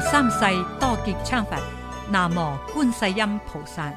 第三世多杰羌佛，南無觀世音菩薩。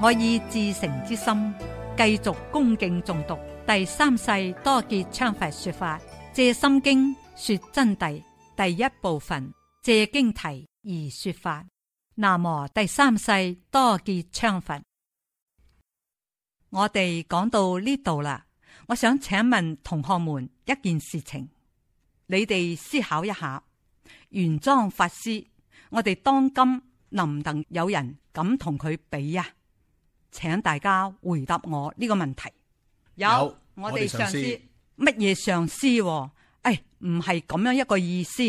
我以至誠之心，繼續恭敬重讀第三世多杰羌佛說法《藉心經》說真諦第一部分《藉經題》而說法。南無第三世多杰羌佛。我哋講到呢度啦，我想請問同學們一件事情，你哋思考一下。原裝法師，我哋當今能唔能有人敢同佢比呀？請大家回答我呢個問題。有，有我哋上司？乜嘢上司？哎，唔係咁樣一個意思，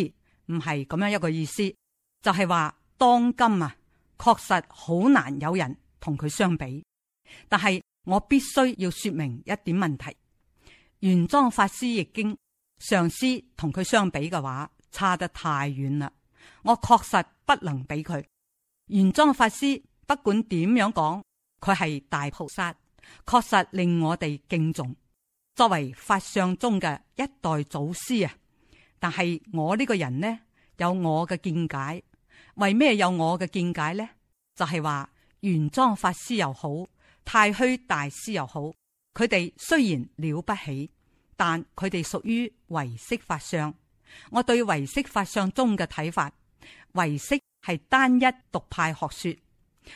唔係咁樣一個意思，就係話當今啊，確實好難有人同佢相比。但係我必須要說明一點問題：原裝法師亦經上司同佢相比嘅話。差得太遠啦！我確實不能俾佢。原裝法師不管點樣講，佢係大菩薩，確實令我哋敬重，作為法相中嘅一代祖師啊。但係我呢個人呢，有我嘅見解。為咩有我嘅見解呢？就係話原裝法師又好，太虛大師又好，佢哋雖然了不起，但佢哋屬於唯識法相。我對唯識法相宗嘅睇法，唯識係單一獨派學說，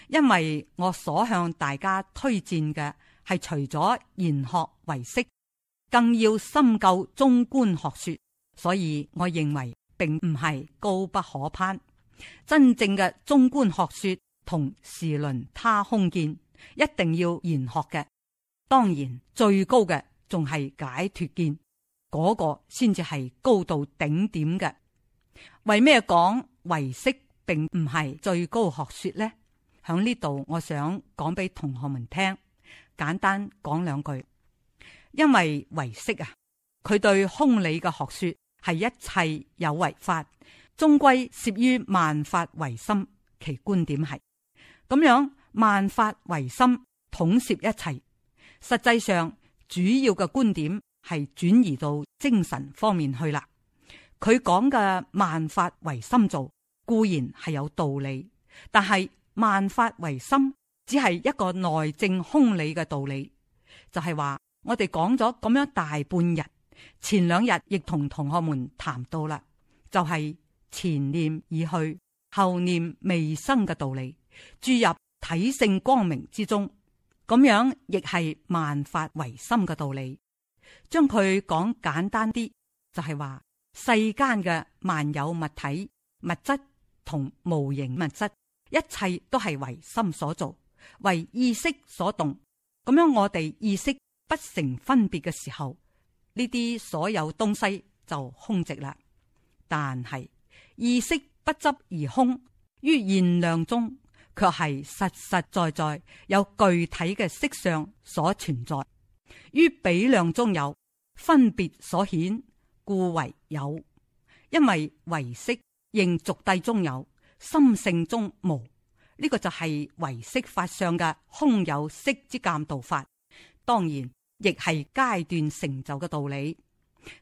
因為我所向大家推薦嘅係除咗研學唯識，更要深究中觀學說，所以我認為並唔係高不可攀。真正嘅中觀學說同時輪他空見，一定要研學嘅。當然最高嘅仲係解脱見。嗰個先至係高度頂點嘅。為咩講唯識並唔係最高學說呢？喺呢度我想講俾同學們聽，簡單講兩句。因為唯識啊，佢對空理嘅學說係一切有為法，終歸攝於萬法唯心。其觀點係咁樣，萬法唯心統攝一切。實際上主要嘅觀點。係轉移到精神方面去啦。佢講嘅萬法為心做固然係有道理，但係萬法為心只係一個內證空理嘅道理，就係話我哋講咗咁樣大半日，前兩日亦同同學們談到啦，就係前念已去，後念未生嘅道理注入體性光明之中，咁樣亦係萬法為心嘅道理。將佢講簡單啲，就係話世間嘅萬有物體、物質同無形物質，一切都係為心所做，為意識所動。咁樣我哋意識不成分別嘅時候，呢啲所有東西就空寂啦。但係意識不執而空，於現量中卻係實實在在有具體嘅色相所存在。於比量中有分別所顯，故為有；因為唯識應俗諦中有，心性中無，呢、這個就係唯識法上嘅空有識之鑒道法。當然，亦係階段成就嘅道理。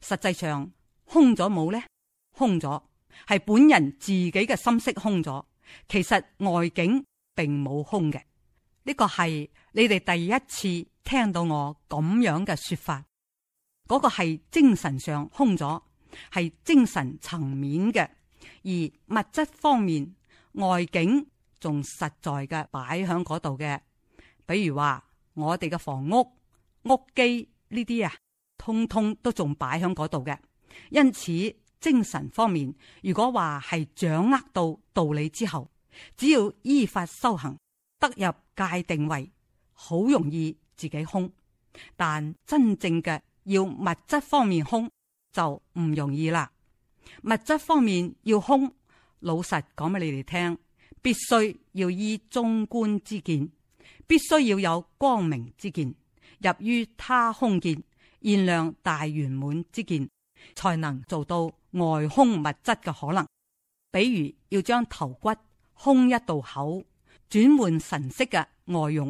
實際上，空咗冇呢，「空咗係本人自己嘅心識空咗，其實外境並冇空嘅。呢個係你哋第一次聽到我咁樣嘅說法，嗰個係精神上空咗，係精神層面嘅，而物質方面外境仲實在嘅擺喺嗰度嘅，比如話我哋嘅房屋、屋基呢啲啊，通通都仲擺喺嗰度嘅。因此，精神方面如果話係掌握到道理之後，只要依法修行。得入界定位，好容易自己空，但真正嘅，要物質方面空就唔容易啦。物質方面要空，老實講俾你哋聽，必須要依中觀之見，必須要有光明之見，入於他空見，現量大圓滿之見，才能做到外空物質嘅可能。比如要將頭骨空一道口。轉換神色嘅外用，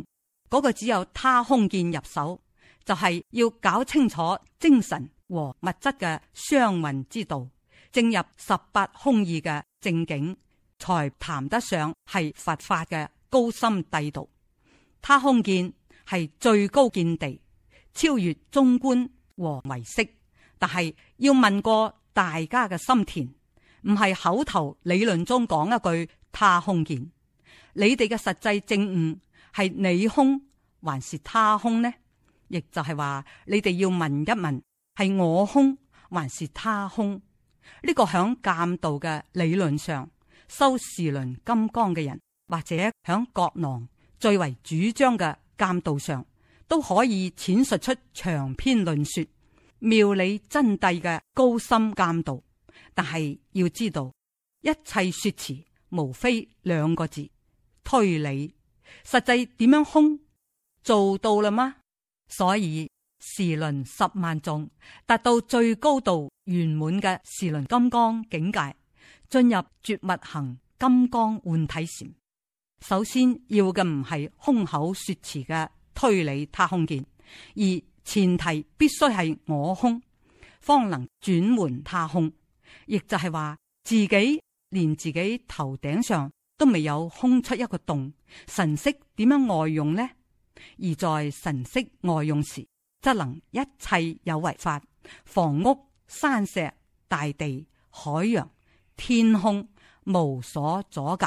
嗰、那個只有他空見入手，就係、是、要搞清楚精神和物質嘅雙運之道，正入十八空義嘅正境，才談得上係佛法嘅高深地道。他空見係最高見地，超越中觀和唯識，但係要問過大家嘅心田，唔係口頭理論中講一句他空見。你哋嘅實際證悟係你空還是他空呢？亦就係話你哋要問一問係我空還是他空呢？這個響鑒道嘅理論上，修時輪金剛嘅人或者響覺囊最為主張嘅鑒道上，都可以闡述出長篇論說妙理真諦嘅高深鑒道。但係要知道一切說詞，無非兩個字。推理實際點樣空做到了嗎？所以時輪十萬眾達到最高度圓滿嘅時輪金剛境界，進入絕密行金剛換體禪。首先要嘅唔係空口說辭嘅推理他空見，而前提必須係我空，方能轉換他空，亦就係話自己連自己頭頂上。都未有空出一個洞，神色點樣外用呢？而在神色外用時，則能一切有為法，房屋、山石、大地、海洋、天空，無所阻隔，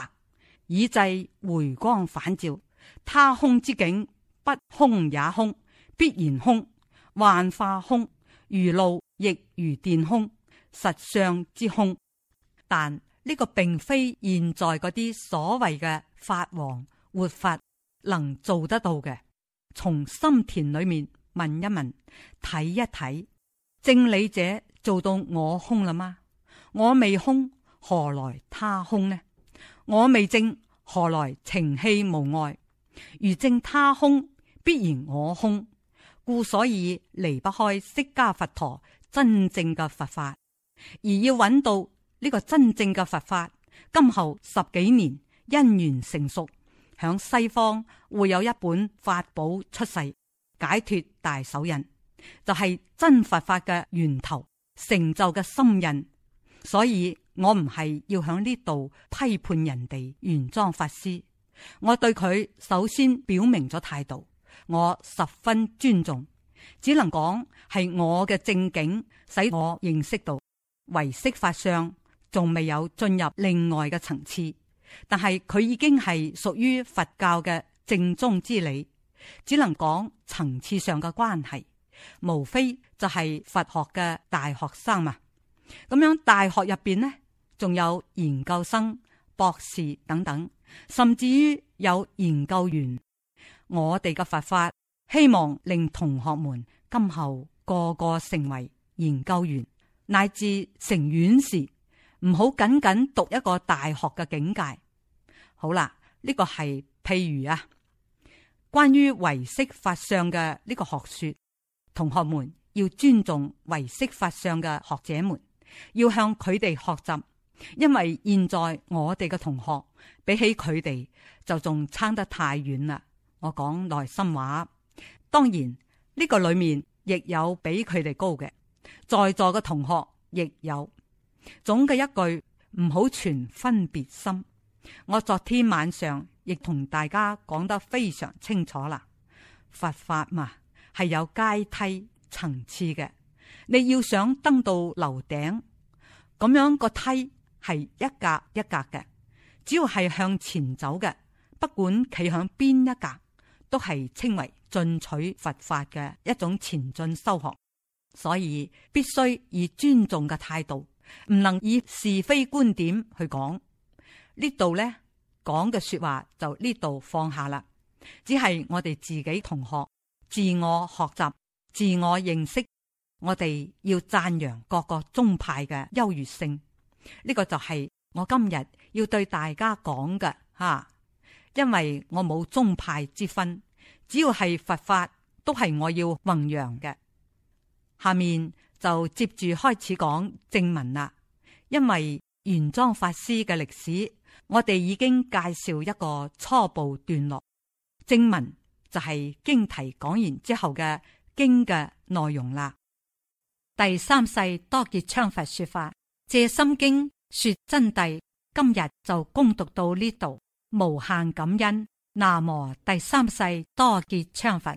以至回光返照。他空之境不空也空，必然空幻化空，如露亦如電空，實相之空，但。呢個並非現在嗰啲所謂嘅法王活法能做得到嘅。從心田裏面問一問、睇一睇，正理者做到我空了嗎？我未空，何來他空呢？我未正，何來情氣無礙？如正他空，必然我空，故所以離不開釋迦佛陀真正嘅佛法，而要揾到。呢個真正嘅佛法，今後十幾年因緣成熟，響西方會有一本法寶出世，解脫大手印就係、是、真佛法嘅源頭，成就嘅心印。所以我唔係要響呢度批判人哋原裝法師，我對佢首先表明咗態度，我十分尊重，只能講係我嘅正經使我認識到唯識法相。仲未有進入另外嘅層次，但係佢已經係屬於佛教嘅正宗之理，只能講層次上嘅關係，無非就係佛學嘅大學生嘛。咁樣大學入邊呢，仲有研究生、博士等等，甚至於有研究員。我哋嘅佛法希望令同學們今後個個成為研究員，乃至成院士。唔好僅僅讀一個大學嘅境界。好啦，呢個係譬如啊，關於唯識法相嘅呢個學說，同學們要尊重唯識法相嘅學者們，要向佢哋學習，因為現在我哋嘅同學比起佢哋就仲差得太遠啦。我講內心話，當然呢個裏面亦有比佢哋高嘅，在座嘅同學亦有。總嘅一句，唔好存分別心。我昨天晚上亦同大家講得非常清楚啦。佛法嘛係有階梯層次嘅，你要想登到樓頂，咁樣個梯係一格一格嘅，只要係向前走嘅，不管企向邊一格，都係稱為進取佛法嘅一種前進修學。所以必須以尊重嘅態度。唔能以是非觀點去講，呢度呢講嘅說話就呢度放下啦。只係我哋自己同學自我學習、自我認識，我哋要讚揚各個宗派嘅優越性。呢個就係我今日要對大家講嘅吓，因為我冇宗派之分，只要係佛法，都係我要弘揚嘅。下面。就接住開始講正文啦，因為原裝法師嘅歷史，我哋已經介紹一個初步段落，正文就係經題講完之後嘅經嘅內容啦。第三世多杰羌佛說法，藉心經說真諦，今日就恭讀到呢度，無限感恩。那麼第三世多杰羌佛。